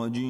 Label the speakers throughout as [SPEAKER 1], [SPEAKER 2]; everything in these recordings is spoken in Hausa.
[SPEAKER 1] وجيها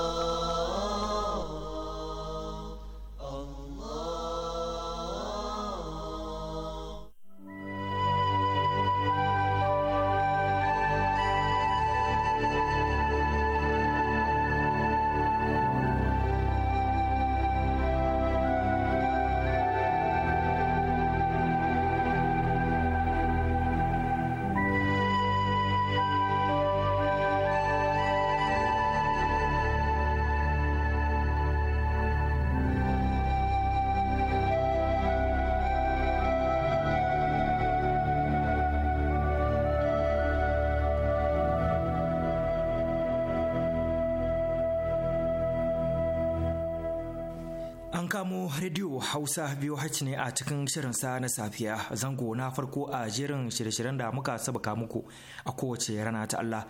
[SPEAKER 2] Hausa biyu haci ne a cikin shirin sa na safiya zango na farko a jerin shirye-shiryen da muka sabaka muku a kowace rana ta Allah.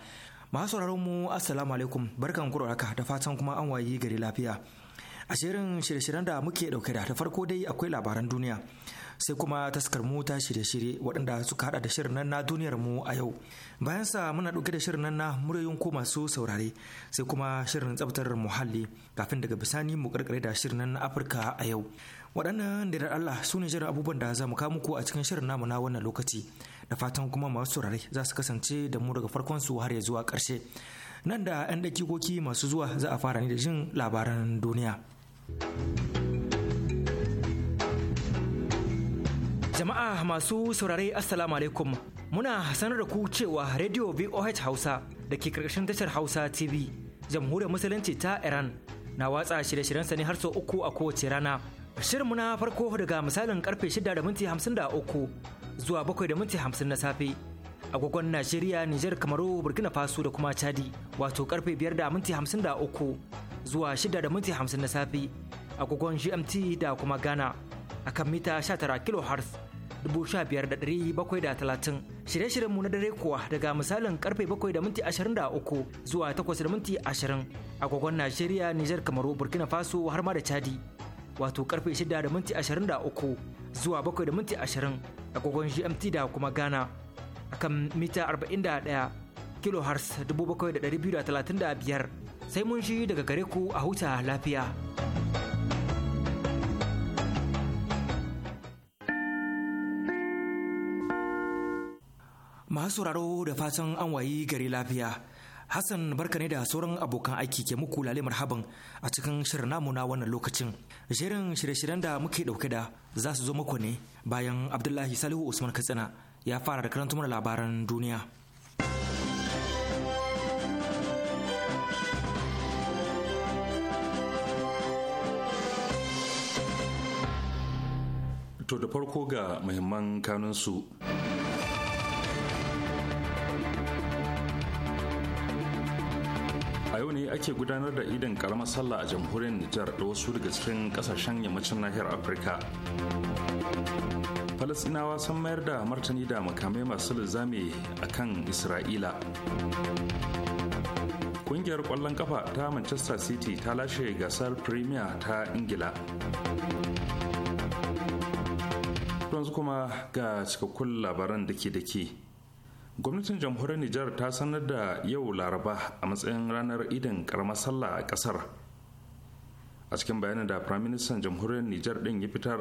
[SPEAKER 2] Masu sauraron mu Assalamu alaikum barkan ku da fatan kuma an wayi gari lafiya. A shirin shirye-shiryen da muke dauke da ta farko dai akwai labaran duniya sai kuma taskar mu ta shirye-shirye waɗanda suka haɗa da shirin nan na duniyar mu a yau. Bayan sa muna dauke da shirin nan na muryoyin ko masu saurare sai kuma shirin tsabtar muhalli kafin daga bisani mu karkare da shirin nan na Afirka a yau. waɗannan da Allah su ne jira abubuwan da za mu kawo muku a cikin shirin namu na wannan lokaci da fatan kuma masu saurare za su kasance da mu daga farkon su har ya zuwa ƙarshe nan da 'yan dakikoki masu zuwa za a fara ne da jin labaran duniya jama'a masu saurare assalamu alaikum muna sanar da ku cewa radio voh hausa da ke karkashin tashar hausa tv jamhuriyar musulunci ta iran na watsa shirye sa ne har sau uku a kowace rana Shirinmu na farko daga misalin karfe 6:53 da minti zuwa 7:50 da minti na safe. Agogon Najeriya, Nijar, Kamaru, Burkina Faso da kuma Chadi wato karfe 5:53 da minti zuwa 6:50 da minti na safe. Agogon GMT da kuma Ghana a kan mita 19 kHz 15,730 shirye-shiryenmu na dare kuwa daga misalin karfe bakwai da minti uku zuwa takwas da minti 20 agogon Najeriya, Nijar, Kamaru, Burkina Faso har ma da Chadi. wato karfe 6 da minti 23 zuwa 7 da minti 20 agogon GMT da kuma Ghana akan mita 41 kilohertz 7,235 sai mun shi daga gare ku a huta lafiya. Masu raro da fatan an wayi gari lafiya. Hassan barka ne da sauran abokan aiki ke muku lale marhaban a cikin shirin namu na wannan lokacin. Jerin shirye-shiryen da muke dauke da za su zo muku ne bayan Abdullahi Salihu Usman Katsina ya fara da karanta mana labaran duniya.
[SPEAKER 3] To da farko ga muhimman kanunsu. su ake gudanar da idan karamar sallah a jamhuriyar Nijar da wasu daga cikin kasashen yammacin nahiyar Afirka. Falasinawa sun mayar da martani da makamai masu lizami a kan Isra'ila. ƙungiyar ƙwallon kafa ta Manchester City ta lashe gasar Premier ta Ingila. Yanzu kuma ga cikakkun labaran dake-dake. gwamnatin jamhuriyar nijar ta sanar da yau laraba a matsayin ranar idin karamar sallah a kasar a cikin bayanin da firaministan jamhuriyar nijar din ya fitar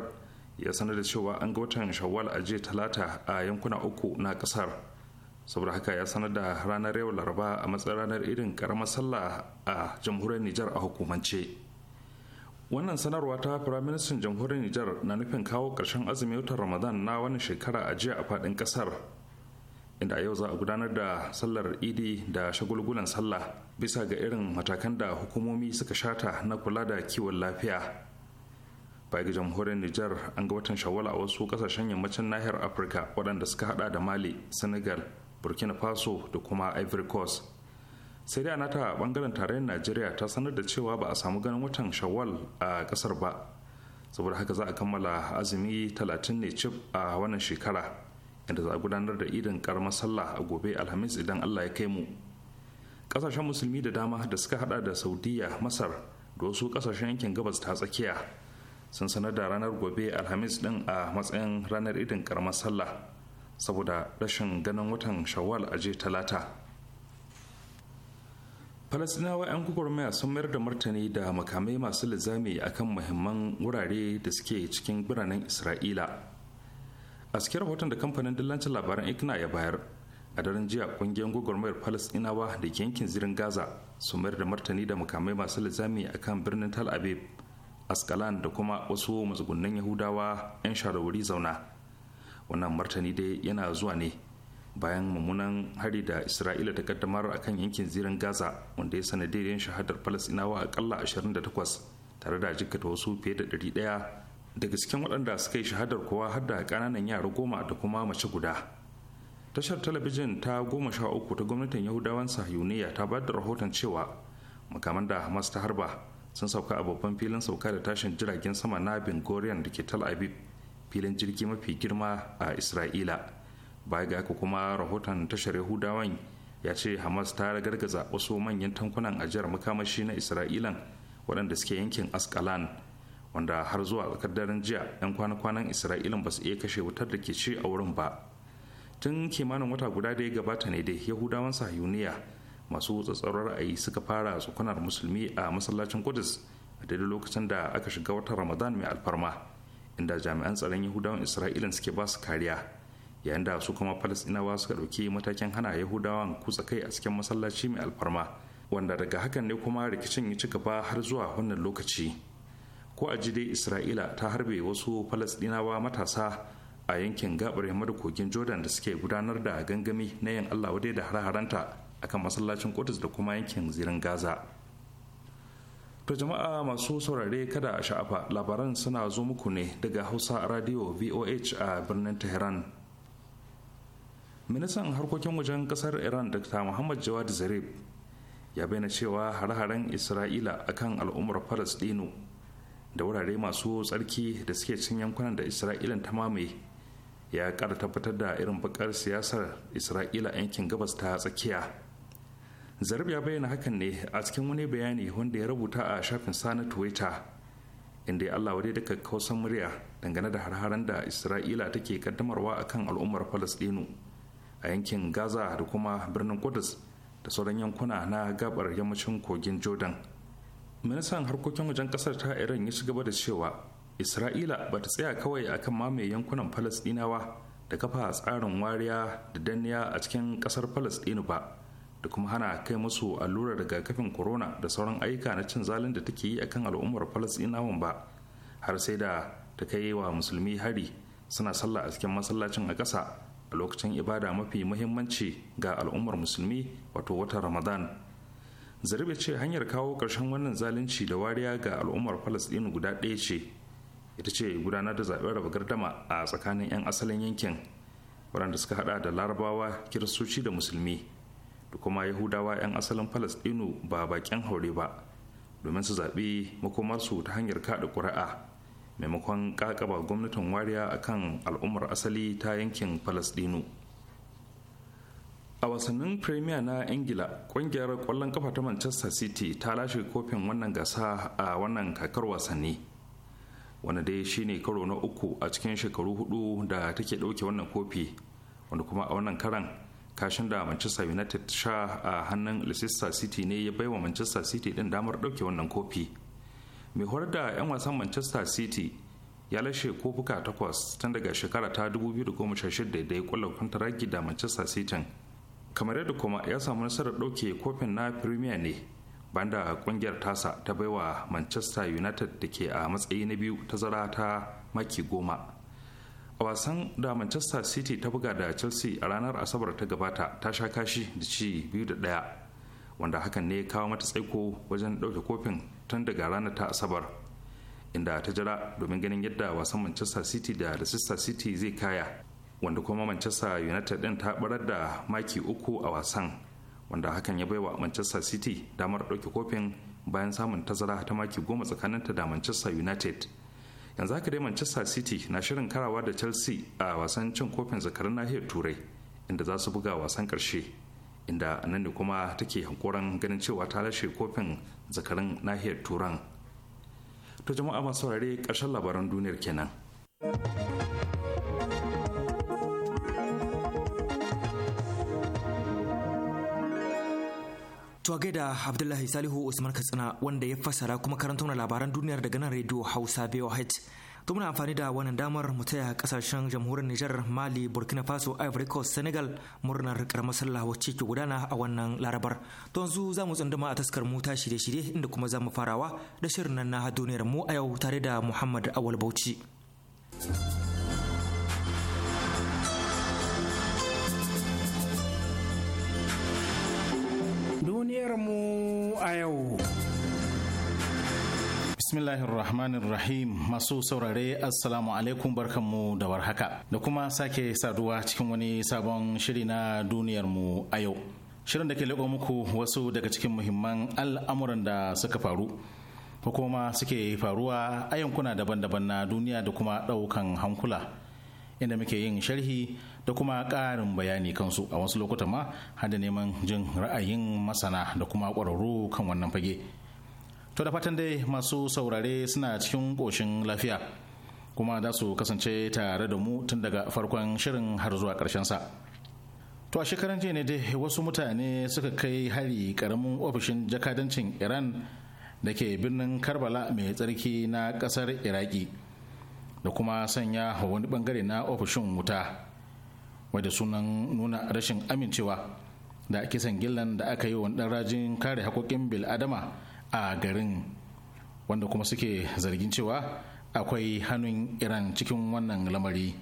[SPEAKER 3] ya sanar da cewa an ga watan shawwal a jiya talata a yankuna uku na kasar saboda haka ya sanar da ranar yau laraba a matsayin ranar idin karamar sallah a jamhuriyar nijar a hukumance wannan sanarwa ta firaministan jamhuriyar nijar na nufin kawo ƙarshen azumin watan ramadan na wannan shekara a jiya a faɗin ƙasar inda yau za a gudanar da sallar idi da shagulgulan sallah bisa ga irin matakan da hukumomi suka shata na kula da kiwon lafiya bai ga jamhuriyar niger an ga watan shawala a wasu kasashen yammacin nahiyar afirka waɗanda suka hada da mali senegal burkina faso da kuma ivory coast sai dai a nata bangaren tarayyar najeriya ta sanar da cewa ba a samu ganin watan shawwal a kasar ba saboda haka za a kammala azumi 30 ne cif a wannan shekara inda za a gudanar da idin karamar sallah a gobe alhamis idan allah ya kai mu kasashen musulmi da dama da suka hada da saudiya masar da wasu kasashen yankin gabas ta tsakiya sun sanar da ranar gobe alhamis din a matsayin ranar idin karamar sallah saboda rashin ganin watan shawwal a je talata falasinawa 'yan gwagwarmaya sun mayar da martani da makamai masu lizami akan muhimman wurare da suke cikin biranen isra'ila a cikin rahoton da kamfanin dillancin labaran ikna ya bayar a daren jiya kungiyar gwagwarmayar Palace inawa da ke yankin zirin gaza su mayar da martani da mukamai masu lizami a kan birnin tal aviv askalan da kuma wasu matsugunan yahudawa 'yan shawarwari zauna wannan martani dai yana zuwa ne bayan mummunan hari da isra'ila ta kaddamar a kan yankin zirin gaza wanda ya sanadiyar shahadar inawa akalla 28 tare da jikkata wasu fiye da ɗaya. daga cikin waɗanda suka yi shahadar kuwa har da ƙananan yara goma da kuma mace guda tashar talabijin ta goma sha uku ta gwamnatin yahudawan sahiyuniya ta bayar da rahoton cewa makaman da hamas ta harba sun sauka a babban filin sauka da tashin jiragen sama na bin goriyan da ke tal aviv filin jirgi mafi girma a isra'ila baya ga haka kuma rahoton tashar yahudawan ya ce hamas ta ragargaza wasu manyan tankunan ajiyar makamashi na isra'ilan waɗanda suke yankin askalan wanda har zuwa tsakar daren jiya 'yan kwana-kwanan isra'ila ba su iya kashe wutar da ke ci a wurin ba tun kimanin wata guda da ya gabata ne dai yahudawan sahiyuniya masu tsatsarar ra'ayi suka fara tsukunar musulmi a masallacin kudus a daidai lokacin da aka shiga watan ramadan mai alfarma inda jami'an tsaron yahudawan Isra'ilin suke ba su kariya yayin da su kuma falastinawa suka ɗauki matakin hana yahudawan kutsa kai a cikin masallaci mai alfarma wanda daga hakan ne kuma rikicin ya ci gaba har zuwa wannan lokaci ko a ji dai isra'ila ta harbe wasu falasdinawa matasa a yankin gabar yamma kogin jordan da suke gudanar da gangami na yin allah wadai da hare a akan masallacin kudus da kuma yankin zirin gaza ta jama'a masu saurare kada a sha'afa labaran suna zo muku ne daga hausa radio voh a birnin tehran ministan harkokin wajen kasar iran dr muhammad jawad zarif ya bayyana cewa hare-haren isra'ila akan al'ummar falasɗinu. da wurare masu tsarki da suke cin yankunan da israila ta mamaye ya kara tabbatar da irin bakar siyasar isra'ila yankin gabas ta tsakiya zarab ya bayyana hakan ne a cikin wani bayani wanda ya rubuta a shafin sa na twitter inda ya allah wadai daga kawasan murya dangane da harharan da isra'ila take kaddamarwa akan al'ummar Falasɗinu a yankin gaza da kuma birnin kudus da sauran yankuna na gabar yammacin kogin jordan ministan harkokin wajen kasar ta iran ya ci gaba da cewa isra'ila ba ta tsaya kawai akan mamaye yankunan falasdinawa da kafa tsarin wariya da danniya a cikin kasar falasdinu ba da kuma hana kai musu allurar rigakafin corona da sauran ayyuka na cin zalin da take yi akan al'ummar falasdinawan ba har sai da ta kai wa musulmi hari suna sallah a cikin masallacin a ƙasa a lokacin ibada mafi muhimmanci ga al'ummar musulmi wato watan ramadan zarbe ce hanyar kawo ƙarshen wannan zalunci da wariya ga al'ummar falasɗinu guda ɗaya ce ita ce gudanar da zaɓen raba gardama a tsakanin 'yan asalin yankin waɗanda suka haɗa da larabawa kiristoci da musulmi da kuma yahudawa 'yan asalin falasɗinu ba baƙin haure ba domin su zaɓi makomarsu ta hanyar kaɗa ƙuri'a maimakon ƙaƙaba gwamnatin wariya akan al'ummar asali ta yankin falasɗinu a wasannin premier na ingila kungiyar kwallon kafa ta manchester city ta lashe kofin wannan gasa a wannan kakar wasanni wanda dai shine karo na uku a cikin shekaru hudu da take dauke wannan kofi wanda kuma a wannan karan kashin da manchester united sha a hannun leicester city ne ya baiwa manchester city din damar dauke wannan kofi mai horar da 'yan wasan manchester city ya lashe kofuka takwas tun daga shekara ta 2016 da ya kwallon ragi da manchester city kamar yadda kuma ya samu nasarar ɗauke kofin na premier ne banda kungiyar tasa ta baiwa manchester united da ke a matsayi na biyu tazara ta maki goma a wasan da manchester city ta buga da chelsea a ranar asabar ta gabata ta sha kashi da ci biyu da ɗaya wanda hakan ne ya kawo mata tsaiko wajen ɗauke kofin tun daga ranar ta asabar inda ta jira domin ganin yadda wasan manchester city da leicester city zai kaya wanda kuma manchester united din ta barar da maki uku a wasan wanda hakan ya baiwa manchester city damar ɗauke kofin bayan samun tazara ta maki goma tsakaninta da manchester united yanzu haka dai manchester city na shirin karawa da chelsea a wasan cin kofin zakarun nahiyar turai inda za su buga wasan karshe inda nan ne kuma take hankoran ganin cewa ta lashe kofin zakarun nahiyar turan to jama'a masu saurare ƙarshen labaran duniyar kenan To da
[SPEAKER 2] Abdullahi Salihu Usman Katsina wanda ya fassara kuma karanta labaran duniyar daga nan rediyo Hausa BOH. To muna amfani da wannan damar mu taya kasashen jamhuriyar Nijar, Mali, Burkina Faso, Ivory Coast, Senegal murnar karamar sallah wacce ke gudana a wannan Larabar. To yanzu za mu tsunduma a taskar mu ta shirye-shirye inda kuma za mu farawa da shirin nan na duniyar mu a yau tare da Muhammad Awal Bauchi.
[SPEAKER 4] duniyarmu a yau. Bismillahirrahmanirrahim masu saurare assalamu alaikum barkanmu da warhaka da kuma sake saduwa cikin wani sabon shiri na duniyarmu a yau. Shirin da ke leƙo muku wasu daga cikin muhimman al'amuran da suka faru ko kuma suke faruwa a yankuna daban-daban na duniya da kuma ɗaukan hankula. inda muke yin sharhi da kuma ƙarin bayani kansu a wasu lokuta ma hada neman jin ra'ayin masana da kuma ƙwararru kan wannan fage to da fatan dai masu saurare suna cikin ƙoshin lafiya kuma za su kasance tare da mu tun daga farkon shirin har zuwa ƙarshen sa to a shekaran jiya ne dai wasu mutane suka kai hari ƙaramin ofishin jakadancin iran da ke birnin karbala mai tsarki na ƙasar iraki da kuma sanya wani bangare na ofishin wuta wadda sunan nuna rashin amincewa da kisan gillan da aka yi wa ɗan rajin kare haƙoƙin bil'adama a garin wanda kuma suke zargin cewa akwai hannun iran cikin wannan lamari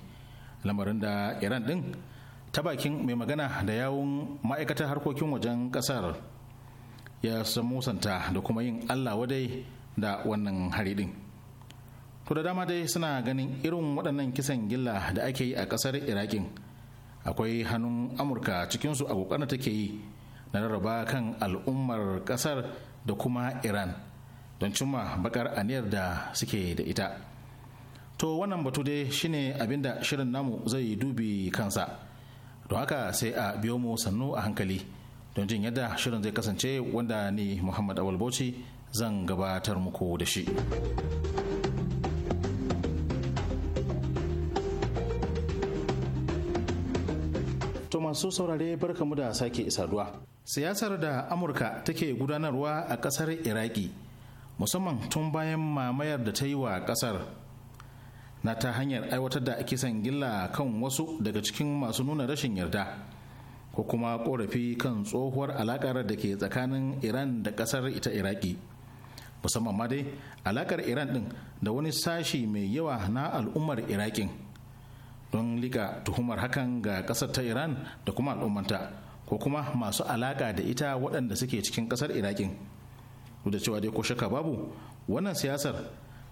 [SPEAKER 4] lamarin da iran din ta bakin mai magana da yawun ma'aikatar harkokin wajen ƙasar ya san musanta da kuma yin allah wadai da wannan hari din. ku da dama dai suna ganin irin waɗannan kisan gilla da ake yi a ƙasar irakin akwai hannun amurka cikinsu a ƙoƙarin take yi na rarraba kan al'ummar ƙasar da kuma iran don cimma bakar aniyar da suke da ita to wannan batu dai shine abinda shirin namu zai dubi kansa don haka sai a biyo mu sannu a hankali don jin yadda shirin zai kasance wanda ni muhammad awal bauchi zan gabatar muku da shi. masu saurare barkamu da sake saduwa. Siyasar da Amurka take gudanarwa a ƙasar Iraki, musamman tun bayan mamayar da ta yi wa ƙasar na ta hanyar aiwatar da kisan gilla kan wasu daga cikin masu nuna rashin yarda. ko kuma korafi kan tsohuwar alakar da ke tsakanin iran da kasar ita iraki musamman ma dai alakar iran din da wani sashi mai yawa na al'ummar irakin don liga tuhumar hakan ga kasar ta iran da kuma al'ummanta ko kuma masu alaka da ita waɗanda suke cikin kasar irakin duk da cewa dai ko shaka babu wannan siyasar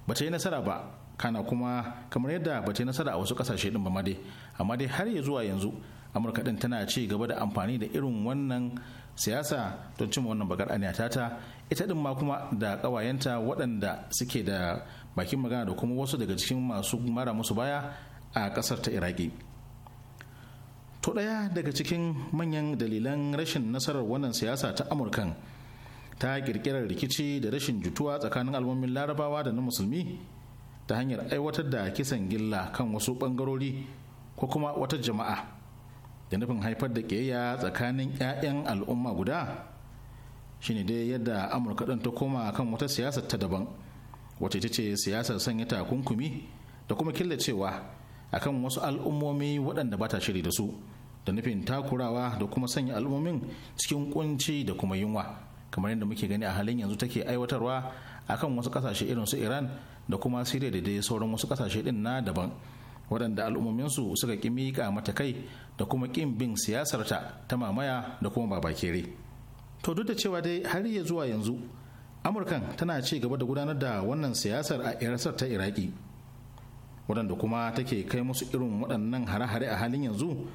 [SPEAKER 4] ba ta yi nasara ba kana kuma kamar yadda ba ta yi nasara a wasu kasashe din ba ma dai amma dai har ya zuwa yanzu amurka din tana ci gaba da amfani da irin wannan siyasa don cimma wannan bakar aniyata ta ita din ma kuma da kawayenta waɗanda suke da bakin magana da kuma wasu daga cikin masu mara musu baya a ƙasar ta iraki to ɗaya daga cikin manyan dalilan rashin nasarar wannan siyasa ta amurkan ta ƙirƙirar rikici da rashin jituwa tsakanin al'ummin larabawa da na musulmi ta hanyar aiwatar da kisan gilla kan wasu ɓangarori ko kuma wata jama'a da nufin haifar da ƙiyayya tsakanin 'ya'yan al'umma guda shine dai yadda amurka ɗin ta koma kan wata siyasar ta daban wacce ita ce siyasar sanya takunkumi da kuma killacewa akan wasu al'ummomi waɗanda ba ta shiri da su da nufin takurawa da kuma sanya al'ummomin cikin kunci da kuma yunwa kamar yadda muke gani a halin yanzu take aiwatarwa akan wasu kasashe irin su iran da kuma siriya da dai sauran wasu kasashe din na daban waɗanda al'ummominsu suka ƙi mika mata kai da kuma ƙin bin siyasarta ta mamaya da kuma babakere to duk da cewa dai har ya zuwa yanzu amurkan tana ci gaba da gudanar da wannan siyasar a irasar ta iraki waɗanda kuma take kai musu irin waɗannan hare-hare a halin yanzu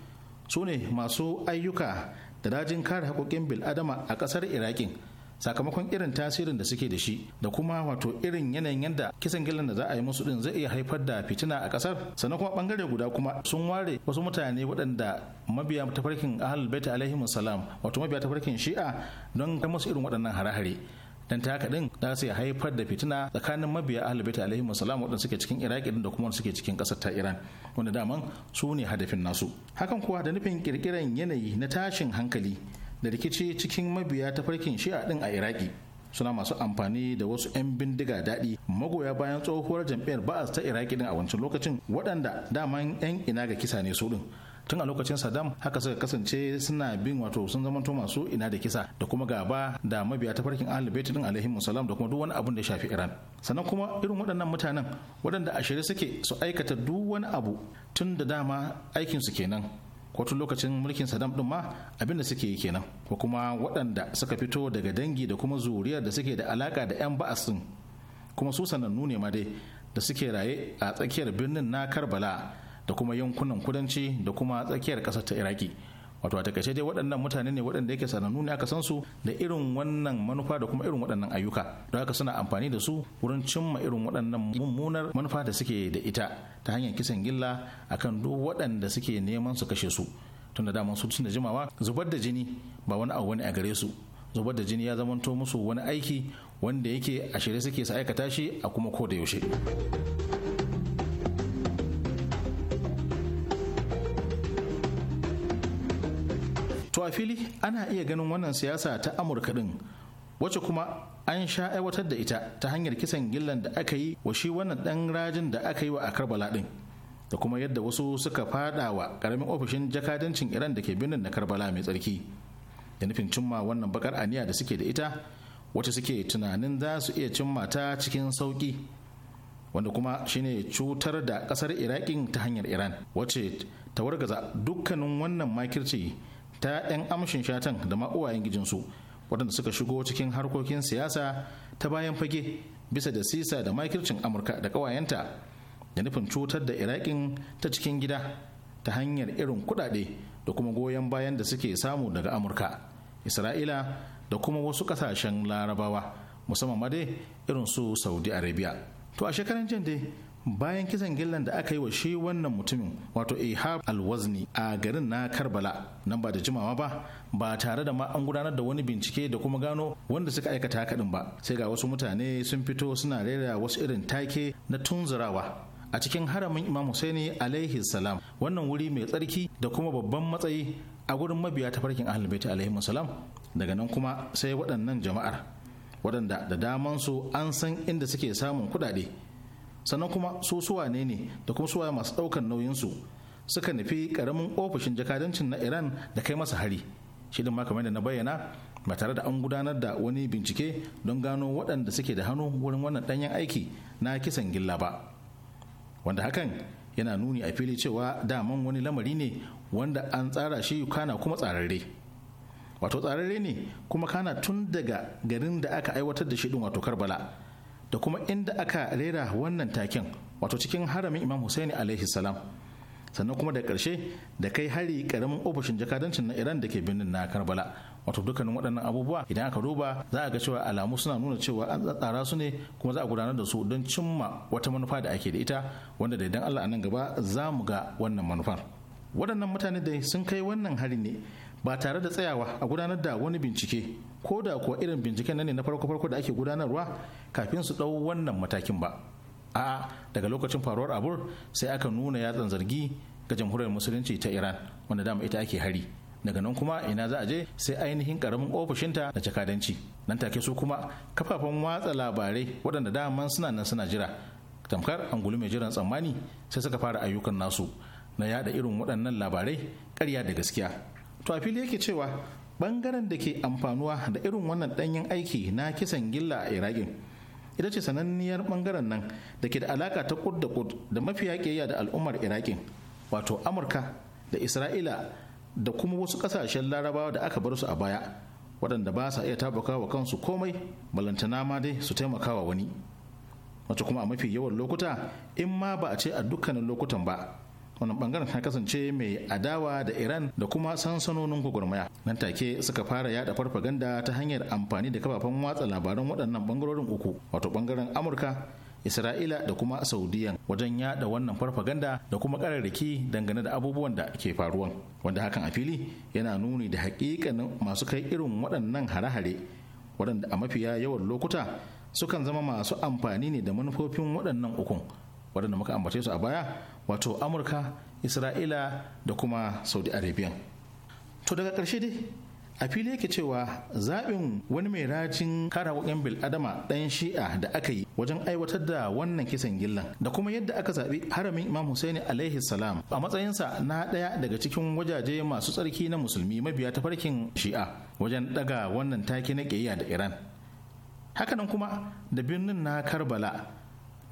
[SPEAKER 4] su ne masu ayyuka da dajin kare haƙoƙin bil'adama a ƙasar iraƙin sakamakon irin tasirin da suke da shi da kuma wato irin yanayin yadda kisan gillan da za a yi musu din zai iya haifar da fitina a ƙasar. sannan kuma bangare guda kuma sun ware wasu mutane waɗanda mabiya tafarkin bai ta alaihim salam wato mabiya tafarkin shi'a don kai musu irin waɗannan hare-hare dan ta haka din za su haifar da fitina tsakanin mabiya ahlul alaihi wasallam wadanda suke cikin iraki din da kuma suke cikin kasar ta iran wanda daman su ne hadafin nasu hakan kuwa da nufin kirkiran yanayi na tashin hankali da rikici cikin mabiya ta farkin shi'a din a iraki suna masu amfani da wasu 'yan bindiga daɗi magoya bayan tsohuwar jam'iyyar ba'as ta iraki din a wancan lokacin waɗanda daman 'yan ina ga kisa ne su din tun a lokacin saddam haka suka kasance suna bin wato sun zamanto masu ina da kisa da kuma gaba da mabiya farkin ahlul bait din alaihi musallam da kuma duk wani abun da ya shafi iran sannan kuma irin waɗannan mutanen waɗanda a shirye suke su aikata duk wani abu tun da dama aikin su kenan ko tun lokacin mulkin saddam din ma abin da suke yi kenan ko kuma waɗanda suka fito daga dangi da kuma zuriyar da suke da alaka da yan ba'as din kuma su sanannu ne ma dai da suke raye a tsakiyar birnin na karbala da kuma yankunan kudanci da kuma tsakiyar ƙasar ta iraki wato a takaice dai waɗannan mutane ne waɗanda yake sanannu ne aka san su da irin wannan manufa da kuma irin waɗannan ayyuka don haka suna amfani da su wurin cimma irin waɗannan mummunar manufa da suke da ita ta hanyar kisan gilla akan duk waɗanda suke neman su kashe su tun da daman su tun da jimawa zubar da jini ba wani abu wani a gare su zubar da jini ya zamanto musu wani aiki wanda yake a shirye suke sa aikata shi a kuma ko da yaushe a fili ana iya ganin wannan siyasa ta amurka din wacce kuma an sha aiwatar da ita ta hanyar kisan gillan da aka yi wa shi wannan dan rajin da aka yi wa a karbala din da kuma yadda wasu suka fada wa karamin ofishin jakadancin iran da ke birnin na karbala mai tsarki da nufin cimma wannan bakar aniya da suke da ita wacce suke tunanin za su iya cimma ta cikin sauki wanda kuma shine cutar da kasar irakin ta hanyar iran wacce ta wargaza dukkanin wannan makirci ta 'yan amshin shatan da ma uwayen gijinsu waɗanda suka shigo cikin harkokin siyasa ta bayan fage bisa da sisa da makircin amurka da ƙawayenta da nufin cutar da iraƙin ta cikin gida ta hanyar irin kuɗaɗe da kuma goyon bayan da suke samu daga amurka isra'ila da kuma wasu ƙasashen larabawa musamman ma dai irin su saudi arabia to a shekaran jan dai bayan kisan gillan da aka yi wa shi wannan mutumin wato ihab alwazni a garin na karbala nan ba da jimawa ba ba tare da ma an gudanar da wani bincike da kuma gano wanda suka aikata haka ba sai ga wasu mutane sun fito suna rera wasu irin take na tunzurawa a cikin haramin imam husaini alaihi salam wannan wuri mai tsarki da kuma babban matsayi a gurin mabiya ta farkin ahlulbaiti alaihi salam daga nan kuma sai waɗannan jama'ar waɗanda da daman su an san inda suke samun kuɗaɗe sannan kuma su suwa ne ne da kuma masu ɗaukan su suka nufi ƙaramin ofishin jakadancin na iran da kai masa hari shirin ma kamar da na bayyana ba tare da an gudanar da wani bincike don gano waɗanda suke da hannu wurin wannan ɗanyen aiki na kisan gilla ba wanda hakan yana nuni a fili cewa daman wani lamari ne wanda an tsara shi kana kuma tsararre wato tsararre ne kuma kana tun daga garin da aka aiwatar da shi wato karbala da kuma inda aka rera wannan takin wato cikin haramin imam Hussein alaihi salam sannan kuma da ƙarshe da kai hari karamin ofishin jakadancin na iran da ke birnin na karbala wato dukkanin waɗannan abubuwa idan aka duba za a ga cewa alamu suna nuna cewa an tsara su ne kuma za a gudanar da su don cimma wata manufa da ake da ita wanda da idan allah a nan gaba za mu ga wannan manufar waɗannan mutane dai sun kai wannan hari ne ba tare da tsayawa a gudanar da wani bincike ko da kuwa irin binciken nan ne na farko-farko da ake gudanarwa kafin su ɗau wannan matakin ba a daga lokacin faruwar abur sai aka nuna yatsan zargi ga jamhuriyar musulunci ta iran wanda dama ita ake hari daga nan kuma ina za a je sai ainihin karamin ofishinta na jakadanci nan take su kuma kafafen watsa labarai waɗanda daman suna nan suna jira tamkar angulu mai jiran tsammani sai suka fara ayyukan nasu na yada irin waɗannan labarai ƙarya da gaskiya to a fili yake cewa bangaren da ke amfanuwa da irin wannan danyen aiki na kisan gilla a irakin ita ce sananniyar bangaren nan da ke da alaka ta kud da kud da mafiya kiyayya da al'ummar irakin wato amurka da isra'ila da kuma wasu ƙasashen larabawa da aka bar su a baya waɗanda ba sa iya tabbaka wa kansu komai balantana ma dai su taimaka wa wani wato kuma a mafi yawan lokuta in ma ba a ce a dukkanin lokutan ba wannan bangaren ta kasance mai adawa da iran da kuma sansanonin gwagwarmaya nan take suka fara yada farfaganda ta hanyar amfani da kafafen watsa labaran waɗannan bangarorin uku wato bangaren amurka isra'ila da kuma saudiya wajen yada wannan farfaganda da kuma kararraki dangane da abubuwan da ke faruwan wanda hakan a fili yana nuni da hakikanin masu kai irin waɗannan hare-hare waɗanda a mafiya yawan lokuta sukan zama masu amfani ne da manufofin waɗannan ukun waɗanda muka ambace su a baya wato amurka isra'ila da kuma saudi arabia to daga ƙarshe dai a fili yake cewa zaɓin wani mai rajin kara bil adama ɗan shi'a da aka yi wajen aiwatar da wannan kisan gillan da kuma yadda aka zaɓi haramin imam husaini alaihi salam a matsayinsa na ɗaya daga cikin wajaje masu tsarki na musulmi mabiya ta farkin shi'a wajen ɗaga wannan take na ƙiyayya da iran hakanan kuma da birnin na karbala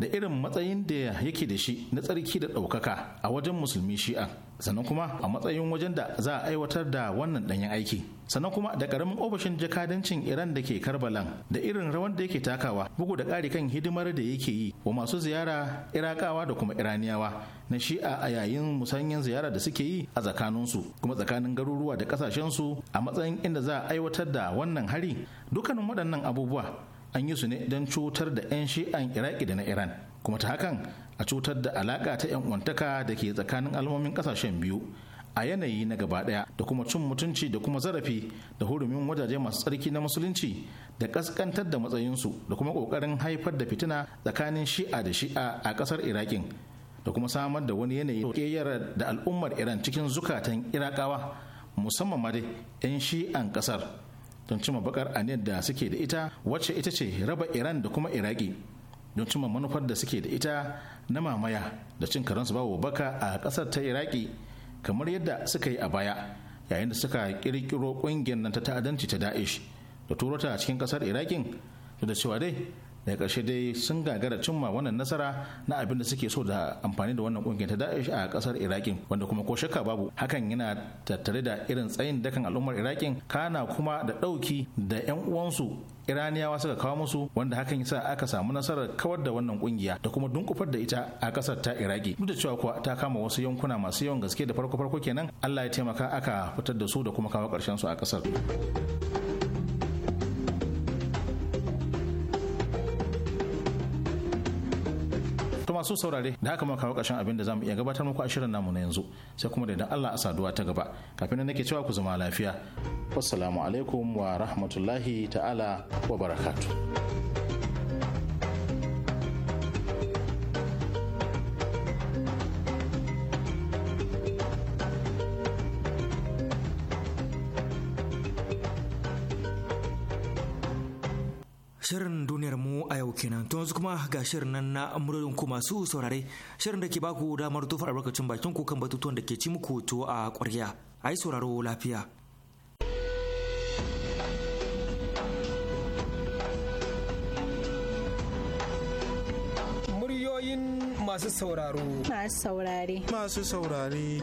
[SPEAKER 4] da irin matsayin da yake da shi na tsarki da ɗaukaka a wajen musulmi shi'a sannan kuma a matsayin wajen da za a aiwatar da wannan ɗanyen aiki sannan kuma da ƙaramin ofishin jakadancin iran da ke karbalan da irin rawan da yake takawa bugu da ƙari kan hidimar da yake yi wa masu ziyara irakawa da kuma iraniyawa na shi'a a yayin musanyen ziyara da suke yi a tsakaninsu kuma tsakanin garuruwa da ƙasashensu a matsayin inda za a aiwatar da wannan hari dukkanin waɗannan abubuwa an yi su ne don cutar da 'yan shi'an iraki da na iran kuma ta hakan a cutar da alaka ta 'yan uwantaka da ke tsakanin al'amomin kasashen biyu a yanayi na gaba daya da kuma cin mutunci da kuma zarafi da hurumin wajaje masu tsarki na musulunci da kaskantar da matsayinsu da kuma kokarin haifar da fitina tsakanin shi'a da shi'a a kasar irakin da kuma samar da wani yanayi yara da al'ummar iran cikin zukatan irakawa musamman ma dai 'yan shi'an kasar don cimma bakar aniyar da suke da ita wacce ita ce raba iran da kuma iraki don cimma manufar da suke da ita na mamaya da cin karansu babu baka a kasar ta iraki kamar yadda suka yi a baya yayin da suka kirkiro kungiyar nan ta ta'addanci ta da'ish da turota cikin kasar irakin da cewa dai da ƙarshe dai sun gagara cimma wannan nasara na abin da suke so da amfani da wannan kungiyar ta da'ish a ƙasar Irakin wanda kuma ko shakka babu hakan yana tattare da irin tsayin dakan al'ummar Irakin kana kuma da ɗauki da 'yan uwansu iraniyawa suka kawo musu wanda hakan yasa aka samu nasarar kawar da wannan kungiya da kuma dunkufar da ita a ƙasar ta iraki duk da cewa kuwa ta kama wasu yankuna masu yawan gaske da farko farko kenan allah ya taimaka aka fitar da su da kuma kawo karshen su a kasar masu saurare da haka muka kawo ƙarshen abin da zamu iya gabatar muku a shirin namu na yanzu sai kuma da idan Allah a saduwa ta gaba kafin nan nake cewa ku zama lafiya assalamu alaikum wa rahmatullahi ta'ala wa
[SPEAKER 5] barakatuh
[SPEAKER 2] kuma ga shirin nan na amurorin ku masu saurare shirin da ke baku damar tufa albarkacin bakin ku kan batutuwan da ke ci muku to a ƙwarya a yi sauraro lafiya.
[SPEAKER 6] Muryoyin masu sauraro.
[SPEAKER 7] Masu saurare.
[SPEAKER 6] Masu saurare.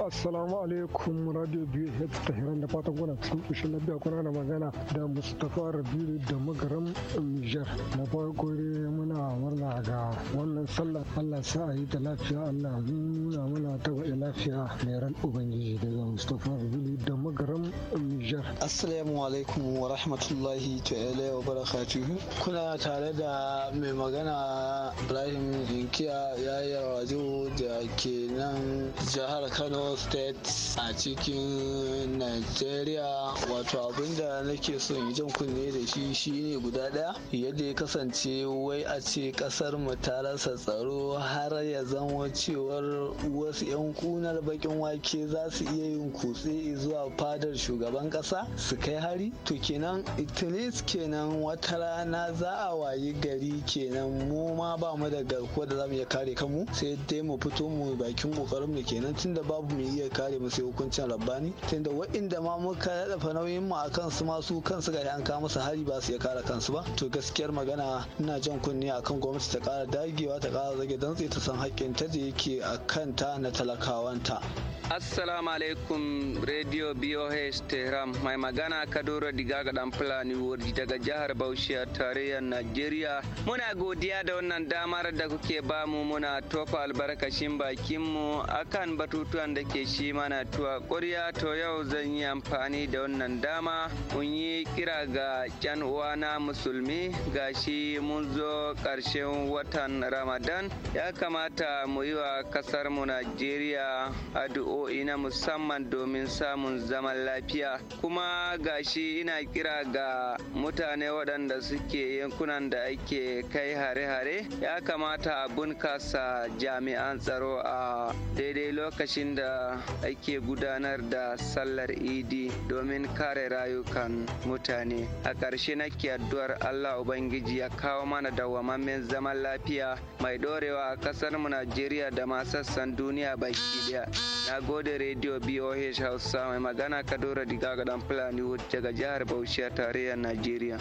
[SPEAKER 6] Assalamu alaikum Radio Biyu ta hirar da fatan kuna cikin kushin lafiya kuna da magana da
[SPEAKER 8] Mustapha Rabiru da magaram Niger. Na farko dai muna murna ga wannan sallah Allah sa a yi ta lafiya Allah nuna muna ta baɗi lafiya mai ran
[SPEAKER 2] Ubangiji daga Mustapha Rabiru da magaram Niger.
[SPEAKER 9] Assalamu alaikum wa rahmatullahi ta'ala wa barakatuhu. Kuna tare da mai magana Ibrahim ya yi wajo da ke nan jihar Kano Borno State a cikin Nigeria wato abinda nake son in jan kunne da shi shine guda daya yadda ya kasance wai a ce kasar mu ta rasa tsaro har ya zama cewar wasu 'yan kunar bakin wake za su iya yin kutse zuwa fadar shugaban kasa su kai hari to kenan itilis kenan wata rana za a wayi gari kenan mu ma ba mu da garkuwa da za mu iya kare kanmu sai dai mu fito mu bakin kokarin mu kenan tunda babu mu iya kare mu sai hukuncin rabbani tunda wa'inda ma muka dafa nauyin mu akan su ma su kansu ga an kawo musu hari ba su iya kare kansu ba to gaskiyar magana ina jan kunni akan gwamnati ta kara dagewa ta kara zage dantse ta san haƙƙin ta da yake a kanta na talakawanta
[SPEAKER 10] assalamu alaikum radio boh tehran mai magana kadura diga ga dan fulani warji daga jihar bauchi a tarayyar najeriya muna godiya da wannan damar da kuke bamu muna tofa albarkashin bakinmu akan batutuwan da da ke shi mana tuwa ƙwarya to yau zan yi amfani da wannan dama mun yi kira ga ƙyan uwana musulmi ga shi mun zo ƙarshen watan ramadan ya kamata mu yi wa ƙasar mu najeriya addu'o'i na musamman domin samun zaman lafiya kuma ga shi ina kira ga mutane waɗanda suke yankunan da ake kai hare-hare ya kamata a bunkasa jami'an tsaro a daidai lokacin da da ake gudanar da sallar idi domin kare rayukan mutane a ƙarshe ke addu'ar allah ubangiji ya kawo mana dawwamammen zaman lafiya mai ɗorewa a ƙasar mu najeriya da ma sassan duniya baki daya na gode rediyo boh hausa mai magana kadora diga gadan fulani daga jihar bauchi tarayyar najeriya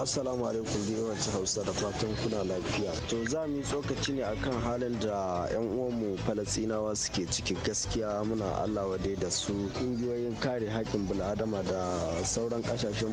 [SPEAKER 8] Assalamu alaikum biyu Hausa da fatan kuna lafiya. To za mu yi tsokaci ne akan halin da 'yan uwanmu Falasinawa suke ciki gaskiya gaskiya muna Allah wa da su ƙungiyoyin kare haƙƙin bil'adama da sauran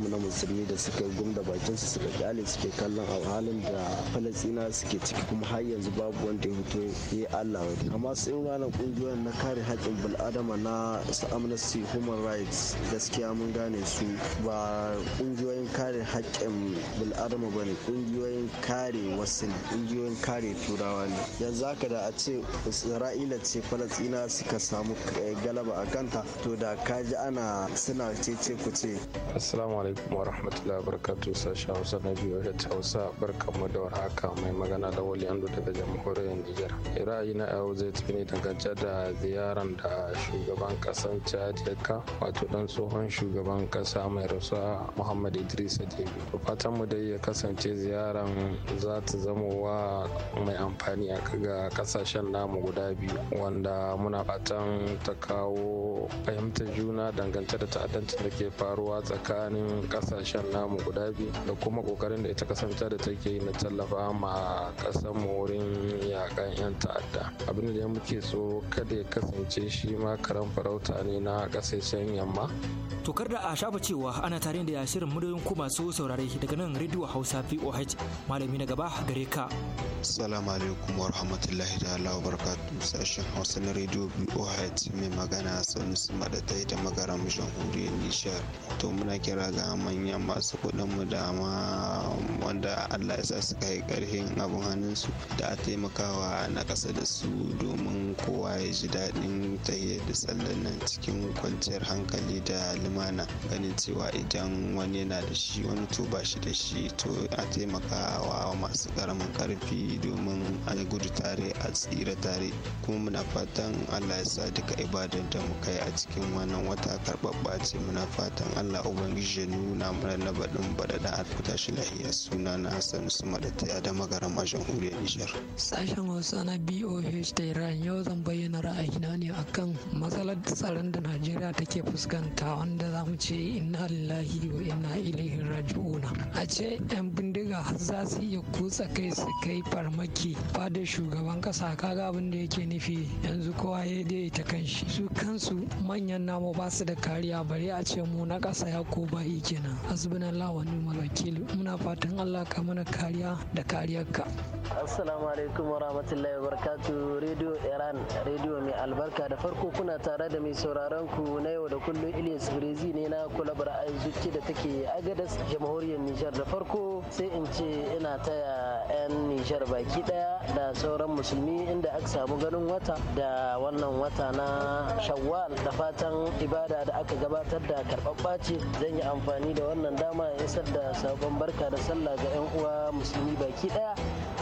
[SPEAKER 8] mu na musulmi da suka da bakin su suka kyale suke kallon a halin da falastina suke ciki kuma har yanzu babu wanda ya fito ya Allah wa amma sun gane ƙungiyoyin na kare haƙƙin bil'adama na su amnesty human rights gaskiya mun gane su ba ƙungiyoyin kare haƙƙin bil'adama ba ne ƙungiyoyin kare wasu ne ƙungiyoyin kare turawa ne yanzu haka da a ce isra'ila ce falastina suka samu samu eh, galaba a kanta to da kaji ana suna cece ku ce
[SPEAKER 3] assalamu alaikum wa rahmatullahi wa barakatuh sashen hausa na biyu da hausa barkanmu da warhaka mai magana da wali ando daga jamhuriyar nijar ra'ayina na yau zai tafi ne dangance da ziyaran da shugaban kasan chad ya ka wato dan tsohon shugaban kasa mai rasuwa muhammad idris debi fatan mu dai ya kasance ziyaran za ta zama wa mai amfani a ga kasashen namu guda biyu wanda muna fatan ta kawo fahimtar juna dangance da ta'addancin da ke faruwa tsakanin kasashen namu guda biyu da kuma kokarin da ita kasance da take yi na tallafa ma kasan mu wurin yakan yan ta'adda abin da muke so kada ya kasance shi ma karan farauta ne na kasashen yamma
[SPEAKER 2] tokar da a shafa cewa ana tare da shirin muryoyin ku masu saurare daga nan rediyo hausa voh malami na gaba gare ka
[SPEAKER 3] assalamu
[SPEAKER 8] alaikum wa rahmatullahi ta'ala wa barakatuh sashen hausa na rediyo voh Alhaji mai magana sun Madatai da magaram jamhuriyar nishar To muna kira ga manyan masu kuɗin mu da ma wanda Allah ya sa suka yi ƙarfin abin su da a taimakawa na ƙasa da su domin kowa ya ji daɗin ta da tsallan nan cikin kwanciyar hankali da lumana ganin cewa idan wani yana da shi wani to ba shi da shi to a taimakawa masu ƙaramin ƙarfi domin a gudu tare a tsira tare kuma muna fatan Allah ya sa duka ibadan da muka yi a cikin wannan wata karɓaɓɓa ce muna fatan allah ubangiji ya nuna mana na baɗin baɗaɗa a rubuta shi lahiya suna na hassan usman da ta da magaram a jamhuriyar nijar.
[SPEAKER 2] sashen hausa na boh da iran yau zan bayyana ra'ayina ne akan matsalar tsaron da najeriya take fuskanta wanda za mu ce inna lillahi wa inna ilaihi raji'una a ce yan bindiga za su iya kutsa kai su kai farmaki ba da shugaban kasa kaga abin da yake nufi yanzu kowa ya daidaita ta kanshi su kansu manyan namu ba su da kariya bare a ce mu na ƙasa ya ko bayi kenan hasbuna lawani malakilu muna fatan allah ka mana kariya da kariyarka
[SPEAKER 9] assalamu alaikum
[SPEAKER 8] wa rahmatullahi wa barakatu radio iran radio mai albarka da farko kuna tare da mai sauraron ku na yau da kullum ilyas brezi ne na kulabar aizuki da take agadas jamhuriyar nijar da farko sai in ce ina taya 'yan nijar baki daya da sauran musulmi inda aka samu ganin wata da wannan wata na shawwal da fatan ibada da aka gabatar da karɓaɓɓa ce zan yi amfani da wannan dama ya isar da sabon barka da sallah ga 'yan uwa musulmi baki ɗaya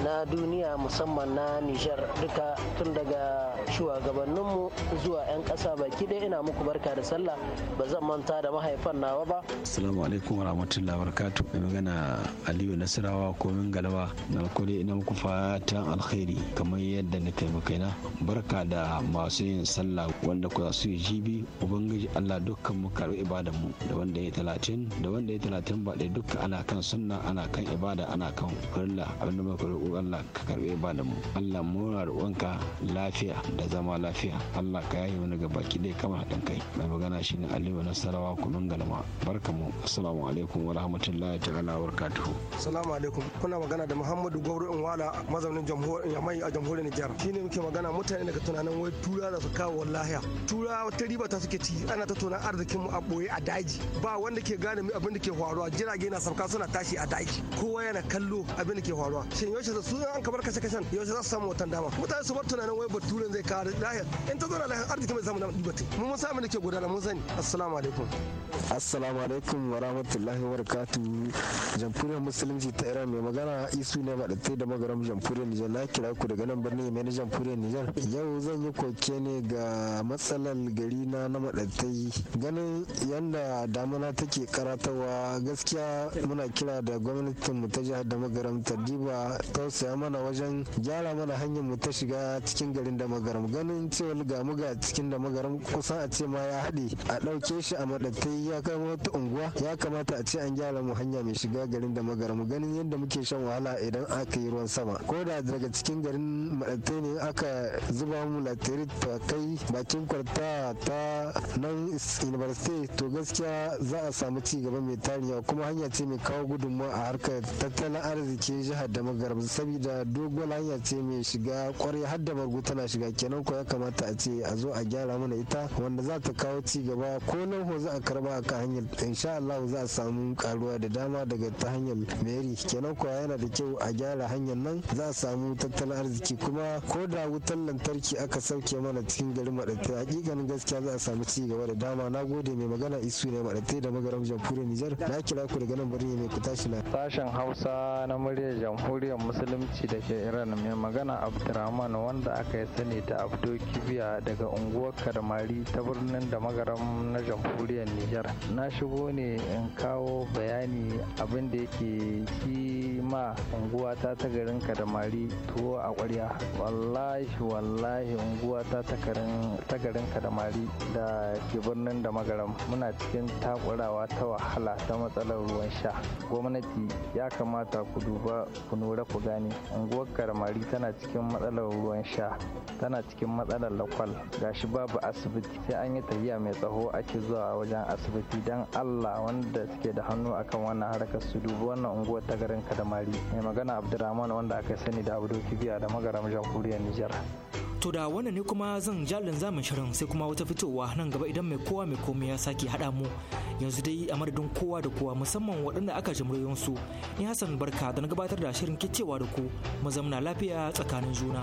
[SPEAKER 8] na duniya musamman na nijar duka tun daga shugabanninmu zuwa 'yan ƙasa baki ɗaya ina muku barka da sallah ba zan manta da mahaifan nawa ba assalamu alaikum wa barakatu mai magana aliyu nasarawa komin galaba na alkuri ina muku fatan alkhairi kamar yadda na kai na barka da masu yin sallah wanda ku za su yi jibi ubangiji allah dukkan mu karɓi ibadan mu da wanda ya talatin da wanda ya talatin ba ɗaya dukkan ana kan sunna ana kan ibada ana kan farilla abinda muka roƙo allah ka karɓi ibadan mu allah muna roƙonka lafiya da zama lafiya allah ka yaye wani gaba ki dai kama haɗin kai mai magana shine aliyu nasarawa kunun galma barka mu assalamu alaikum wa rahmatullahi ta'ala wa barakatuhu assalamu alaikum kuna magana da muhammadu gauru wala mazaunin jamhuriyar yamai a jamhuriyar nijar shine muke magana mutane daga tunanin wai tura da su kawo wallahiya turawa ta riba ta suke ci ana ta tona arzikin mu a boye a daji ba wanda ke gane abin da ke faruwa jirage na sauka suna tashi a daji kowa yana kallo abin da ke faruwa shin yaushe su an kamar kashe kashen yaushe za su samu watan dama mutane su bar tunanin wai baturen zai kawo lahiya in ta zauna lahiya arzikin mai samu riba ta mu musa abin da ke gudana mun sani assalamu alaikum assalamu alaikum wa rahmatullahi wa barakatu jamhuriyar musulunci ta iran mai magana isu ne ba da da magaram jamhuriyar nijar na kira ku daga nan birnin mai na jamhuriyar nijar yau zan yi koke ne ga matsalar gari na na maɗattai ganin yadda damuna take karatawa gaskiya muna kira da gwamnatin mu ta jihar da magaram ta diba tausaya mana wajen gyara mana hanyar mu ta shiga cikin garin da magaram ganin cewa ga mu ga cikin da magaram kusan a ce ma ya haɗe a ɗauke shi a maɗattai ya kai wata unguwa ya kamata a ce an gyara mu hanya mai shiga garin da magaram ganin yadda muke shan wahala idan aka yi ruwan sama ko da daga cikin garin maɗattai ne aka zuba mu latirit ta kai yi bakin kwarta ta nan university to gaskiya za a samu ci gaba mai tariya kuma hanya ce mai kawo gudunmawa a harkar tattalin arziki jihar da magarab saboda dogon hanya ce mai shiga kwarai har da bargu tana shiga kenan ko ya kamata a ce a zo a gyara mana ita wanda za ta kawo ci gaba ko nan ho za a karba a kan hanyar insha Allah za a samu karuwa da dama daga ta hanyar meri kenan ko yana da kyau a gyara hanyar nan za a samu tattalin arziki kuma ko da wutar lantarki aka sauke mana cikin garin maɗatai hakikanin gaskiya za a samu ci gaba da dama na gode mai magana isu ne maɗatai da magaram jamhuriyar nijar na kira ku daga nan birni mai
[SPEAKER 10] ku tashi na. sashen hausa na muryar jamhuriyar musulunci da ke iran mai magana abdurrahman wanda aka yi sani da abdo kibiya daga unguwar karmari ta birnin da magaram na jamhuriyar nijar na shigo ne in kawo bayani abin da yake ki ma unguwa ta garin karmari tuwo a kwarya wallahi wallahi ta ta garin kadamari da ke birnin da magaram muna cikin takurawa ta wahala ta matsalar ruwan sha gwamnati ya kamata ku duba ku nura ku gane unguwar karamari tana cikin matsalar ruwan sha tana cikin matsalar lakwal gashi babu asibiti sai an yi tafiya mai tsaho ake zuwa wajen asibiti dan allah wanda suke da hannu akan wannan harkar su dubi wannan unguwar ta garin kadamari mai magana abdurrahman wanda aka sani da abu biya da magaram jamhuriyar nijar
[SPEAKER 2] To da wannan ne kuma zan jalin zamin shirin sai kuma wata fitowa nan gaba idan mai kowa mai komai ya sake haɗa mu yanzu dai a madadin kowa da kowa musamman waɗanda aka jimriyon su ni Hassan Barka da na gabatar da shirin kicewa da ku mu zamna lafiya tsakanin juna.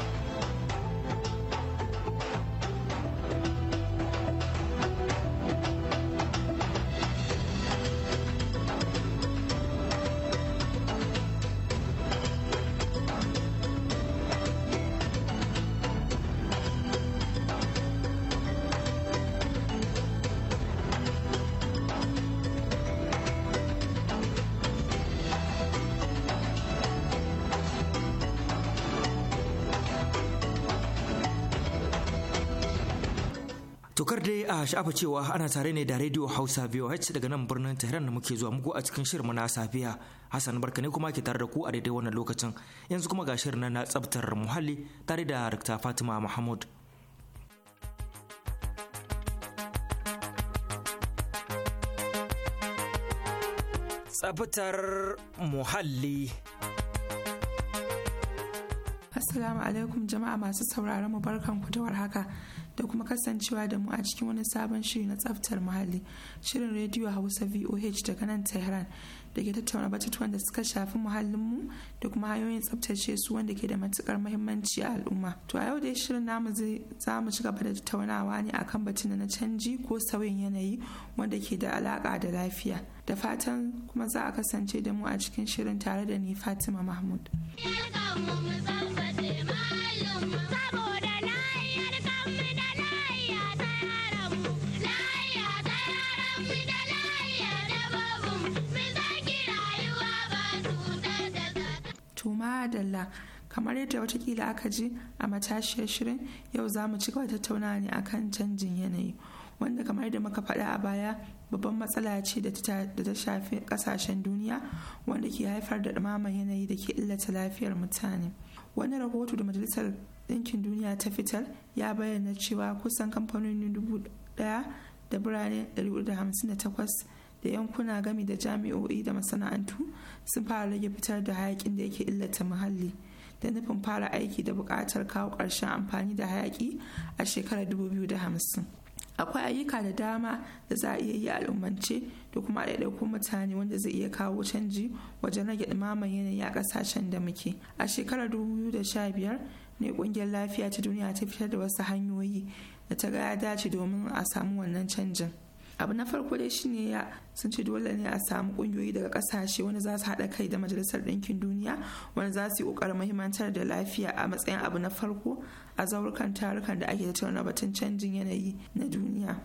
[SPEAKER 2] sha'afa cewa ana tare ne da Radio Hausa VOH daga nan birnin Tehran da muke zuwa muku a cikin shirin na safiya. Hassan barka kuma ke tare da ku a daidai wannan lokacin. Yanzu kuma ga shirin na tsabtar muhalli tare da Dr. Fatima Mahmud. Tsabtar muhalli.
[SPEAKER 7] Assalamu alaikum jama'a masu sauraron mu barkanku da warhaka. haka. da kuma kasancewa da mu a cikin wani sabon shiri na tsaftar muhalli shirin rediyo hausa voh daga nan tehran da ke tattauna batutuwan da suka shafi muhallinmu da kuma hanyoyin tsaftace su wanda ke da matukar muhimmanci a al'umma to a yau dai shirin namu za mu ci gaba da tattaunawa ne akan batun na canji ko sauyin yanayi wanda ke da alaka da lafiya da fatan kuma za a kasance da mu a cikin shirin tare da ni fatima mahmud madalla kamar yadda watakila aka ji a matashiyar shirin yau za mu ci gaba tattaunawa ne akan canjin yanayi wanda kamar yadda muka faɗa a baya babban matsala ce da ta shafi ƙasashen duniya wanda ke haifar da ɗumamar yanayi da ke illata lafiyar mutane wani rahoto da majalisar ɗinkin duniya ta fitar ya bayyana cewa kusan kamfanoni dubu daya da birane 158 da yankuna gami da jami'o'i da masana'antu sun fara rage fitar da hayakin da yake illata muhalli da nufin fara aiki da buƙatar kawo ƙarshen amfani da hayaki a shekarar da hamsin akwai ayyuka da dama da za a iya yi al'ummance da kuma ɗaiɗaiku mutane wanda zai iya kawo canji wajen rage ɗumaman yanayi a ƙasashen da muke a shekarar sha biyar ne ƙungiyar lafiya ta duniya ta fitar da wasu hanyoyi da ta ga ya dace domin a samu wannan canjin abu na farko dai shine ya sun ce dole ne a samu kungiyoyi daga kasashe wani za su haɗa kai da majalisar ɗinkin duniya wani za su yi ƙoƙarin muhimmantar da lafiya a matsayin abu na farko a zaurukan tarukan da ake tattauna batun canjin yanayi na duniya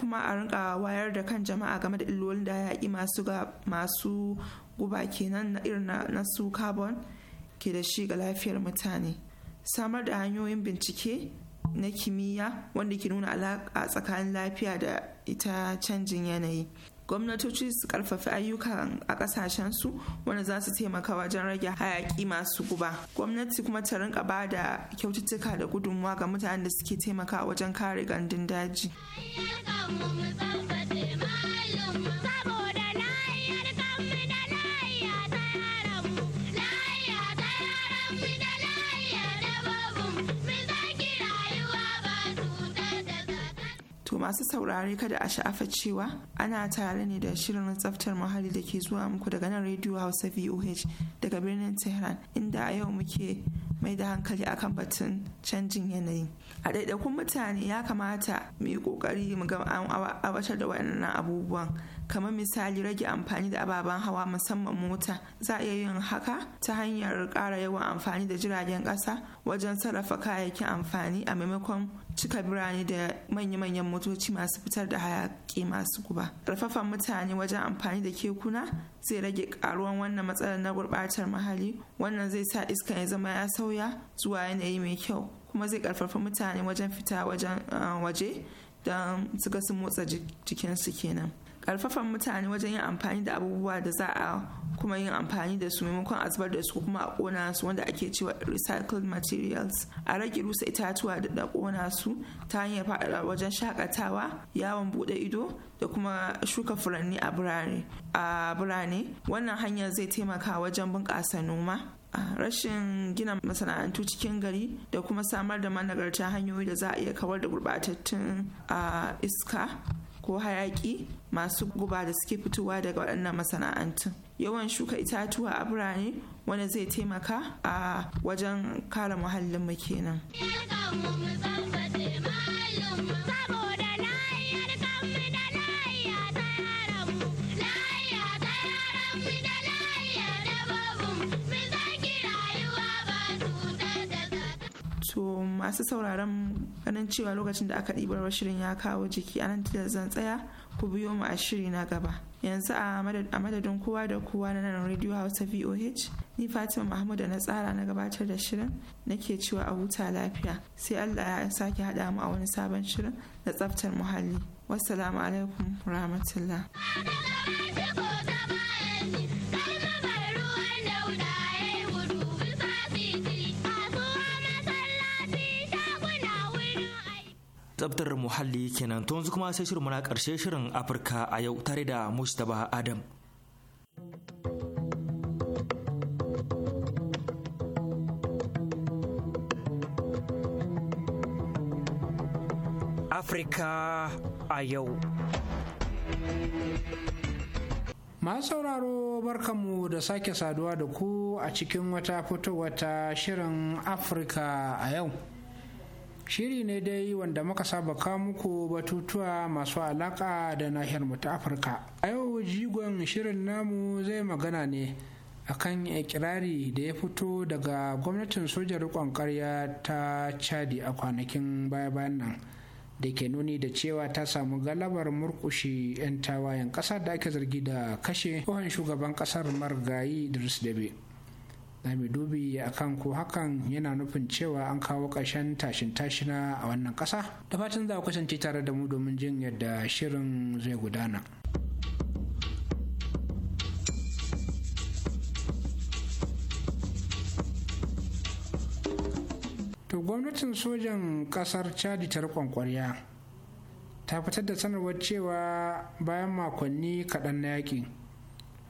[SPEAKER 7] kuma a rinka wayar da kan jama'a game da illolin da yaƙi masu ga masu guba kenan na irin na su carbon ke da shi ga lafiyar mutane samar da hanyoyin bincike na kimiyya wanda ke nuna alaƙa tsakanin lafiya da ita canjin yanayi gwamnatoci su karfafi ayyukan a ƙasashensu wanda za su taimaka wajen rage hayaƙi masu guba gwamnati kuma ta rinka ba da kyaututtuka da gudunmuwa ga mutanen da suke taimaka wajen kare gandun daji masu saurare kada a sha'afa cewa ana tare ne da shirin tsaftar muhalli da ke zuwa muku daga nan rediyo hausa voh daga birnin tehran inda a yau muke mai da hankali akan batun canjin yanayi a ɗaiɗaikun mutane ya kamata mu yi ƙoƙari mu ga an awatar da waɗannan abubuwan kamar misali rage amfani da ababen hawa musamman mota za a iya yin haka ta hanyar ƙara yawan amfani da jiragen ƙasa wajen sarrafa kayayyakin amfani a maimakon cika birane da manya-manyan motoci masu fitar da hayaƙi masu guba rafafan mutane wajen amfani da kekuna zai rage karuwan wannan matsalar na gurɓatar muhalli wannan zai sa iska ya zama ya sauya zuwa yanayi mai kyau kuma zai karfafa mutane wajen fita wajen ah, waje don suka su motsa jikinsu kenan karfafan mutane wajen yin amfani da abubuwa da za a kuma yin amfani da su maimakon a zubar da su kuma a kona su wanda ake cewa recycled materials a rage rusa itatuwa da da kona su ta hanyar faɗaɗa wajen shakatawa yawon buɗe ido da kuma shuka furanni a birane wannan hanyar zai taimaka wajen bunƙasa noma rashin gina masana'antu cikin gari da kuma samar da managarta hanyoyi da za a iya kawar da gurbatattun iska ko hayaki masu guba da suke fitowa daga waɗannan masana'antun yawan shuka itatuwa a birane wanda zai taimaka a wajen kare muhallinmu kenan. to masu sauraron ganin cewa lokacin da aka ɗibar shirin ya kawo jiki anan da zan tsaya ku biyo mu a shiri na gaba yanzu a madadin kowa da kowa na nan radio hausa voh ni fatima mahmud da na tsara na gabatar da shirin nake cewa a huta lafiya sai allah ya sake haɗa mu a wani sabon shirin na tsaftar muhalli wassalamu alaikum rahmatullah
[SPEAKER 2] tsabtar muhalli kenan to yanzu kuma sai shirin muna karshe shirin afirka a yau tare da mustaba adam Afirka a
[SPEAKER 6] yau. Masu sauraro barkanmu da sake saduwa da ku a cikin wata fitowar ta shirin Afirka a yau. shiri ne dai wanda muka saba kawo muku batutuwa masu alaka da nahiyar mu ta afirka a yau jigon shirin namu zai magana ne akan ikirari da ya fito daga gwamnatin sojar rikon karya ta chadi a kwanakin baya-bayan nan da ke nuni da cewa ta samu galabar murkushi 'yan tawayen ƙasa da ake zargi da kashe tsohon shugaban ƙasar margayi da dabe Na mu dubi a kan ko hakan yana nufin cewa an kawo ƙarshen tashin tashina a wannan ƙasa da fatan za ku kasance tare da mu domin jin yadda shirin zai gudana. to gwamnatin sojan ƙasar chadi ta rikon kwarya ta fitar da sanarwar cewa bayan makonni kaɗan na yaƙi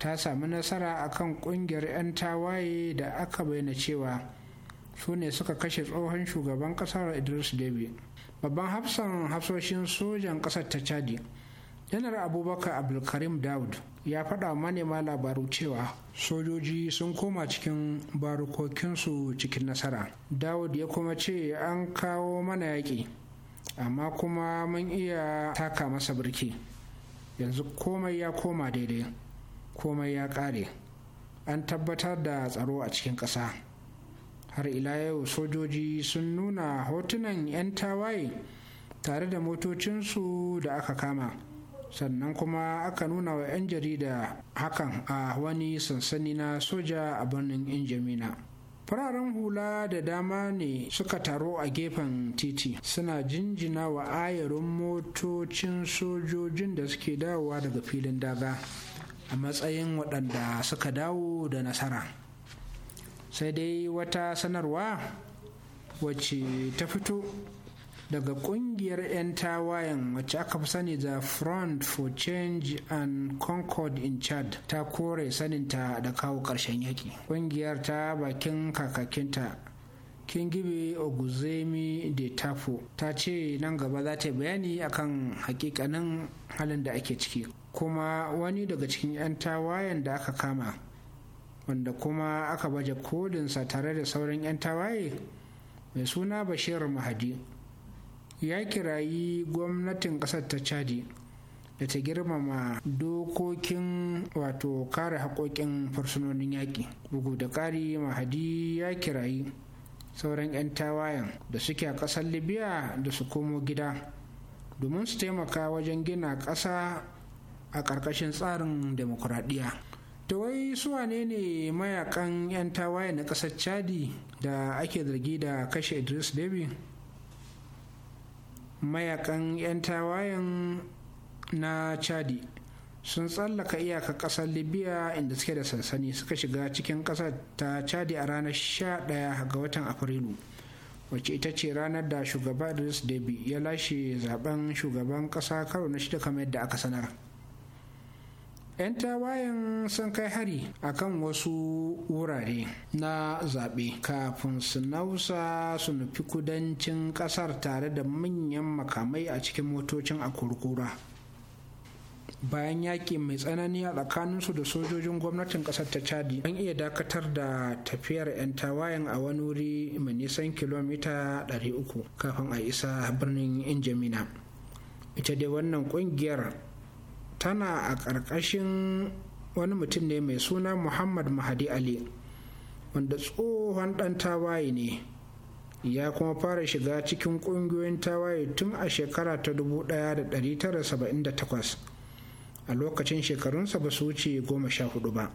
[SPEAKER 6] ta sami nasara akan kungiyar 'yan tawaye da aka bayyana cewa su ne suka kashe tsohon shugaban kasar idris debi babban hafsan hafsoshin sojan kasar ta chadi janar abubakar abdulkarim daud ya faɗa manema labaru cewa sojoji sun koma cikin barukokinsu cikin nasara daud ya kuma ce an kawo mana yaƙi amma kuma mun iya taka masa birki yanzu komai ya koma daidai komai ya ƙare an tabbatar da tsaro a cikin ƙasa har ila yau sojoji sun nuna hotunan 'yan tawaye tare da motocinsu da aka kama sannan kuma aka nuna wa 'yan jarida hakan a wani sansani na soja a birnin injamina. fararen hula da dama ne suka taro a gefen titi suna jinjina wa ayarin motocin sojojin da suke dawowa daga filin daga a matsayin waɗanda suka dawo da nasara sai dai wata sanarwa wacce ta fito daga ƙungiyar 'yan tawayen wacce aka fi sani da front for change and concord in chad ta kore saninta da kawo ƙarshen yaƙi ƙungiyar ta bakin kakakinta gibe oguzemi de tafo ta ce nan gaba za ta bayani akan hakikanin halin da ake ciki kuma wani daga cikin 'yan tawayen da aka kama wanda kuma aka baje kodinsa tare da sauran 'yan tawaye mai suna bashir mahadi ya kirayi gwamnatin ƙasar ta chadi da ta girmama dokokin wato kare haƙoƙin fursunonin yaƙi bugu da ƙari mahadi ya kirayi sauran 'yan tawayen da suke a ƙasar libya da su komo gida domin su taimaka wajen gina ƙasa a ƙarƙashin tsarin demokuraɗiyya ta wai suwa ne mayakan 'yan tawaye na ƙasar chadi da ake zargi da kashe idris debi mayakan 'yan tawayen na chadi sun tsallaka iyaka ƙasar libya inda suke da sansani suka shiga cikin ƙasar ta chadi a ranar 11 ga watan afrilu wacce ita ce ranar da shugaba idris debi ya lashe zaben shugaban ƙasa karo na shida kamar yadda aka sanar 'yan tawayen sun kai hari akan wasu wurare na zaɓe kafin su nausa su nufi kudancin ƙasar tare da manyan makamai a cikin motocin a kurkura bayan yaƙi mai tsanani a tsakaninsu da sojojin gwamnatin ƙasar ta chadi an iya dakatar da tafiyar 'yan tawayen a wani wuri mai nisan kilomita 300 kafin a isa birnin injamina ita dai wannan ƙungiyar tana a ƙarƙashin wani mutum ne mai suna muhammad mahadi ali wanda tsohon ɗan tawaye ne ya kuma fara shiga cikin ƙungiyoyin tawaye tun a shekara ta 1978 a lokacin shekarunsa ba su wuce goma sha hudu ba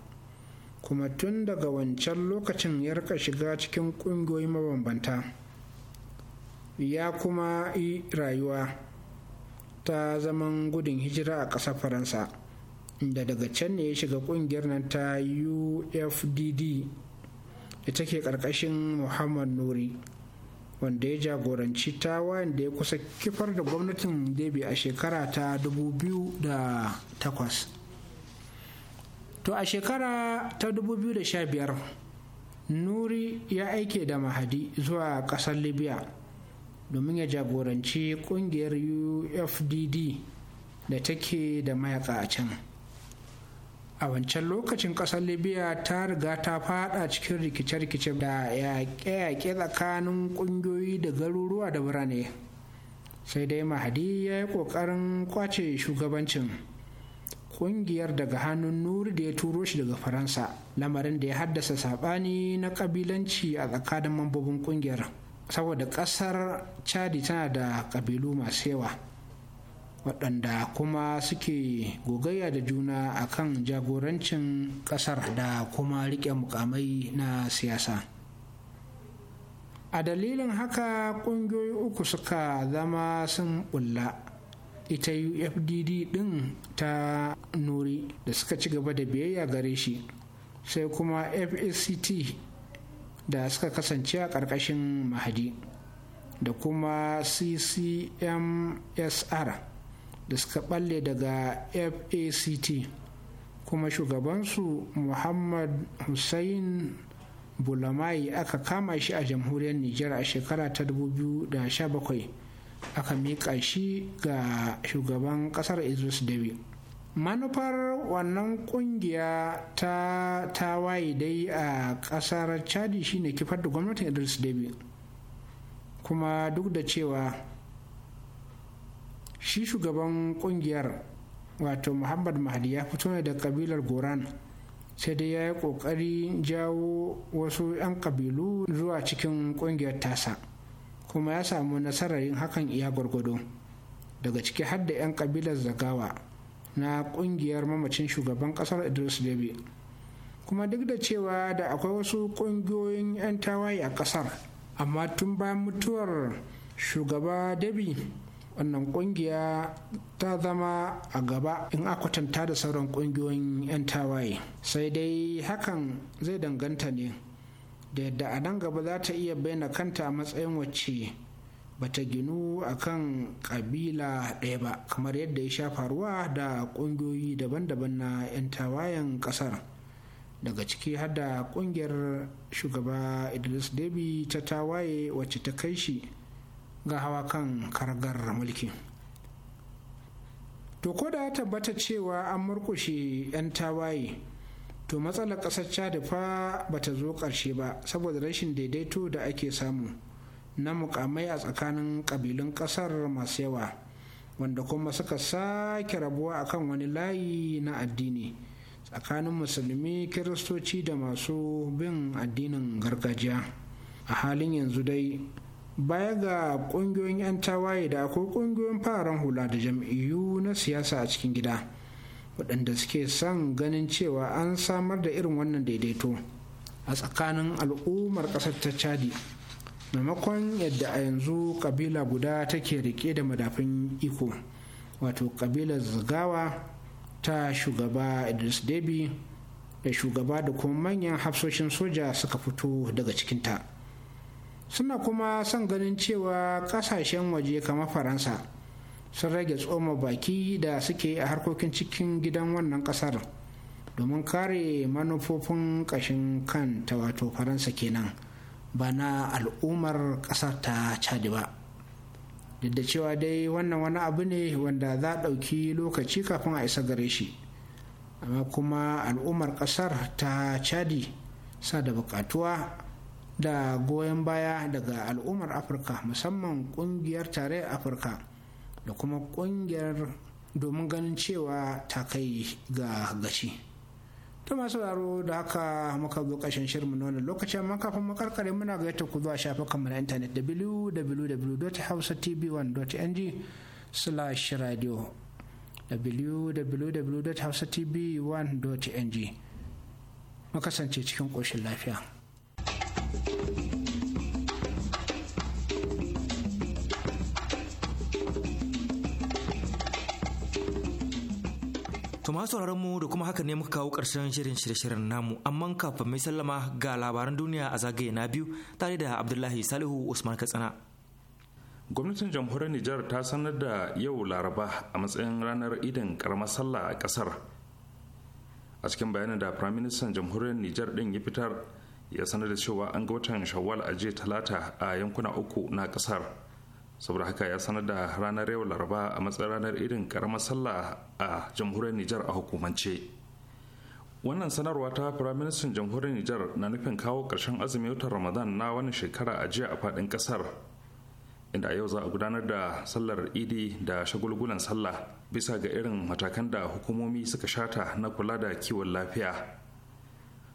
[SPEAKER 6] kuma tun daga wancan lokacin ya rika shiga cikin ƙungiyoyi mabambanta ya kuma yi rayuwa ta zaman gudun hijira a ƙasar faransa inda daga can ne ya shiga ƙungiyar nan ta ufdd da take ƙarƙashin muhammad nuri wanda ya jagoranci tawayen da ya kusa kifar da gwamnatin debi a shekara ta 2008 to a shekara ta 2015 nuri ya aike da mahadi zuwa ƙasar libya domin ya jagoranci kungiyar ufdd da take da mayaka a can a wancan lokacin kasar libya ta riga ta fada cikin rikice-rikice da yaƙe-yaƙe tsakanin ƙungiyoyi da garuruwa da birane sai dai mahadi ya yi ƙoƙarin kwace shugabancin ƙungiyar daga hannun nuri da ya turo shi daga faransa lamarin da ya haddasa saɓani na ƙabilanci a tsakanin mambobin ƙungiyar. saboda ƙasar chadi tana da ƙabilu masu yawa waɗanda kuma suke gogayya da juna a kan jagorancin ƙasar da kuma riƙe mukamai na siyasa a dalilin haka ƙungiyoyi uku suka zama sun ɓulla ita ufdd ɗin ta nuri da suka ci gaba da biyayya gare shi sai kuma fsct da suka kasance a ƙarƙashin mahadi da kuma ccmsr da suka balle daga fact kuma shugabansu muhammad hussein bulamai aka kama shi a jamhuriyar niger a shekara ta 2017 aka miƙa shi ga shugaban ƙasar idris dabi manufar wannan kungiya ta waye dai a kasar chadi shine kifar da gwamnatin idris debi kuma duk da cewa shi shugaban kungiyar wato muhammad mahdi ya fito ne da kabilar goran sai dai ya yi kokari jawo wasu 'yan kabilu zuwa cikin kungiyar tasa kuma ya samu nasarar yin hakan iya gwargwado daga ciki har da 'yan kabilar zagawa na kungiyar mamacin shugaban kasar idris debi kuma duk da cewa da akwai wasu kungiyoyin 'yan tawaye a kasar amma tun bayan mutuwar shugaba debi wannan kungiya ta zama a gaba in a kwatanta da sauran kungiyoyin 'yan tawaye sai dai hakan zai danganta ne da yadda a nan gaba za ta iya bayyana kanta a matsayin wacce bata ginu akan ƙabila ɗaya ba kamar yadda ya sha faruwa da ƙungiyoyi daban-daban na 'yan tawayen ƙasar daga ciki hada ƙungiyar shugaba idris debi ta tawaye wacce ta kai shi ga hawa kan kargar mulki to ko da tabbata cewa an murkushe 'yan tawaye to matsalar ƙasar da fa bata zo ƙarshe ba saboda rashin daidaito da ake samu. na mukamai a tsakanin ƙabilun ƙasar masu yawa wanda kuma suka sake rabuwa akan wani layi na addini tsakanin musulmi kiristoci da masu bin addinin gargajiya a halin yanzu dai baya ga ƙungiyoyin 'yan tawaye da akwai ƙungiyoyin fararen hula da jam'iyyu na siyasa a cikin gida waɗanda suke son ganin cewa an samar da irin wannan daidaito a tsakanin al'ummar ƙasar ta chadi maimakon yadda a yanzu kabila guda take rike da madafin iko wato kabilar Zagawa ta shugaba idris debi da shugaba da kuma manyan hafsoshin soja suka fito daga cikinta suna kuma son ganin cewa kasashen waje kamar faransa sun rage tsoma baki da suke a harkokin cikin gidan wannan kasar domin kare manufofin kashin kanta wato faransa kenan ba na al'ummar ƙasar ta cadi ba duk da cewa dai wannan wani abu ne wanda za a ɗauki lokaci kafin a isa gare shi amma kuma al'ummar ƙasar ta cadi sa da buƙatuwa da goyon baya daga al'ummar afirka musamman ƙungiyar tare afirka da kuma ƙungiyar domin ganin cewa ta kai ga gashi. to masu raro da haka muka zo ƙashin shirinmu na wannan lokacin makafin kafin makarkare muna ga ku zuwa mu na intanet www.hausatv1.ng slash radio www.hausatv1.ng makasance cikin koshin lafiya.
[SPEAKER 2] To sauraron mu da kuma haka ne muka kawo ƙarshen shirin shirye-shiryen namu amma kafin mai sallama ga labaran duniya a zagaye na biyu tare da Abdullahi Salihu Usman Katsina.
[SPEAKER 3] Gwamnatin jamhuriyar Nijar ta sanar da yau Laraba a matsayin ranar idon karamar sallah a kasar A cikin bayanin da Firaministan jamhuriyar Nijar ɗin ya fitar ya sanar da cewa an ga watan Shawwal a jiya Talata a yankuna uku na ƙasar. saboda haka ya sanar da ranar yau laraba a matsayin ranar irin karamar sallah a jamhuriyar nijar a hukumance wannan sanarwa ta firaministan jamhuriyar nijar na nufin kawo ƙarshen azumin watan ramadan na wani shekara a jiya a faɗin ƙasar inda yau za a gudanar da sallar idi da shagulgulan sallah bisa ga irin matakan da hukumomi suka shata na kula da kiwon lafiya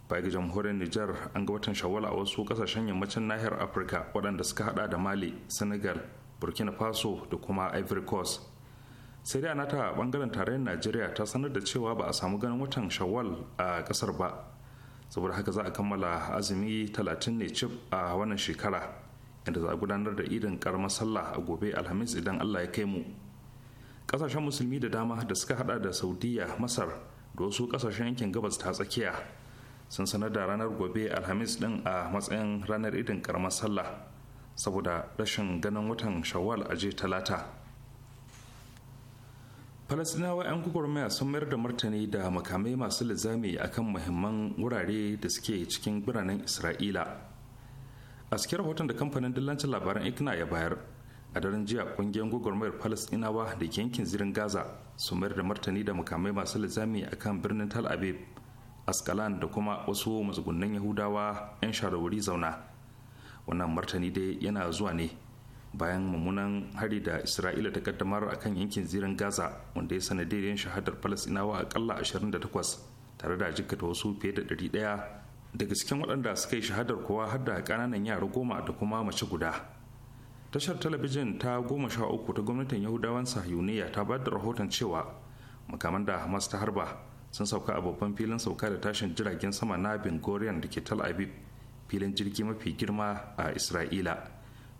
[SPEAKER 3] bai ga jamhuriyar nijar an ga watan shawala a wasu kasashen yammacin nahiyar afirka waɗanda suka hada da mali senegal burkina faso da kuma ivory coast sai dai a nata bangaren tarayyar najeriya ta sanar da cewa ba a samu ganin watan shawwal a kasar ba saboda haka za a kammala azumi talatin ne cif a wannan shekara inda za a gudanar da idin karamar sallah a gobe alhamis idan allah ya kai mu kasashen musulmi da dama da suka hada da saudiya masar da wasu kasashen yankin gabas ta tsakiya sun sanar da ranar gobe alhamis din a matsayin ranar idin karamar sallah saboda rashin ganin watan shawwal a talata falasinawa 'yan gwagwarmaya sun mayar da martani da makamai masu lizami akan muhimman wurare da suke cikin biranen isra'ila a cikin rahoton da kamfanin dillancin labaran ikna ya bayar a daren jiya kungiyar gwagwarmayar falasinawa da yankin zirin gaza sun mayar da martani da makamai masu lizami akan birnin tal aviv askalan da kuma wasu matsugunan yahudawa 'yan shawarwari zauna wannan martani dai yana zuwa ne bayan mummunan hari da isra'ila ta kaddamar a kan yankin zirin gaza wanda ya sanadiyar shahadar falasinawa akalla 28 tare da jikata wasu fiye da 100 daga cikin waɗanda suka yi shahadar kowa har da ƙananan yara goma da kuma mace guda tashar talabijin ta goma sha uku ta gwamnatin yahudawan sahiyuniya ta ba da rahoton cewa makaman da hamas ta harba sun sauka a babban filin sauka da tashin jiragen sama na bin da ke tal aviv filin jirgi mafi girma a isra'ila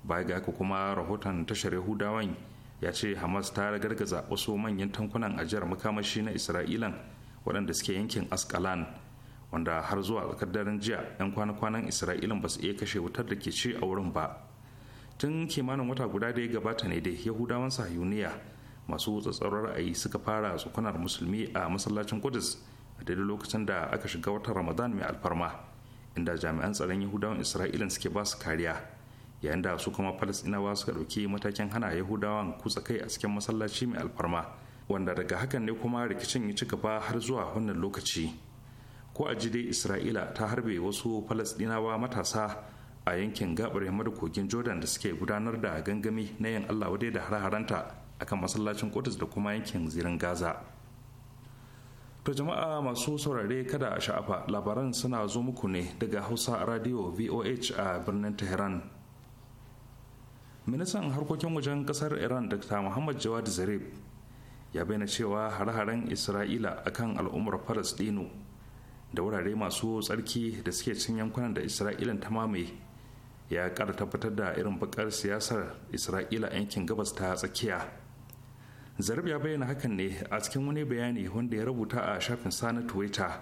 [SPEAKER 3] baya ga haka kuma rahoton tashar yahudawan ya ce hamas ta gargaza wasu manyan tankunan ajiyar makamashi na isra'ilan waɗanda suke yankin askalan wanda har zuwa tsakar daren jiya 'yan kwana-kwanan isra'ilan ba su iya kashe wutar da ke ci a wurin ba tun kimanin wata guda da ya gabata ne dai yahudawan sahiyuniya masu tsatsarar ra'ayi suka fara tsokanar musulmi a masallacin kudus a daidai lokacin da aka shiga watan ramadan mai alfarma inda jami'an tsaron yahudawan isra'ila suke ba su kariya yayin da su kuma falasɗinawa suka ɗauki matakin hana yahudawan kutsa kai a cikin masallaci mai alfarma wanda daga hakan ne kuma rikicin ya ci gaba har zuwa wannan lokaci ko a dai isra'ila ta harbe wasu falasɗinawa matasa a yankin gabar yammar kogin jordan da suke gudanar da gangami na yin allah wadai da har-haranta akan masallacin Kotus da kuma yankin zirin gaza To jama'a masu saurare kada a sha'afa labaran suna zo muku ne daga Hausa Radio VOH a birnin Tehran. Ministan harkokin wajen kasar Iran Dr. Muhammad Jawad Zarif ya bayyana cewa hare-haren Isra'ila akan al'ummar Falasɗinu da wurare masu tsarki da suke cin yankunan da Isra'ilan ta mamaye ya kara tabbatar da irin bakar siyasar Isra'ila yankin gabas ta tsakiya. zarab ya bayyana hakan ne a cikin wani bayani wanda ya rubuta a shafin sa na twitter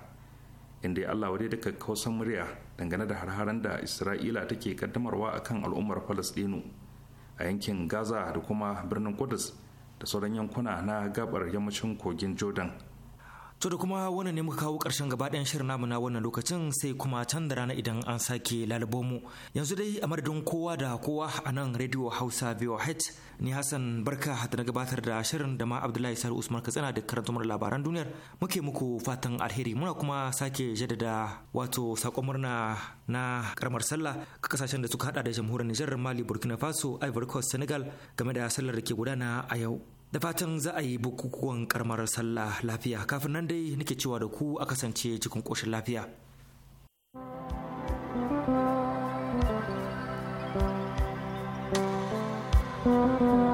[SPEAKER 3] inda ya allah wadai daga kawasan murya dangane da harharan da isra'ila take kaddamarwa akan al'ummar falastinu a yankin gaza da kuma birnin kudus da sauran yankuna na gabar yammacin kogin jordan
[SPEAKER 2] To da kuma wannan ne muka kawo ƙarshen gaba ɗayan shirin namu na wannan lokacin sai kuma can da rana idan an sake lalubo mu. Yanzu dai a madadin kowa da kowa a nan Radio Hausa VOH ni Hassan Barka da na gabatar da shirin da ma Abdullahi Sari Usman Katsina da karanta labaran duniyar muke muku fatan alheri muna kuma sake jaddada wato sakon murna na karamar sallah ga kasashen da suka hada da jamhuriyar Nijar Mali Burkina Faso Ivory Coast Senegal game da sallar da ke gudana a yau. Da fatan za a yi bukukuwan ƙaramar sallah lafiya kafin nan dai nake cewa da ku a kasance cikin ƙoshin lafiya.
[SPEAKER 5] thank you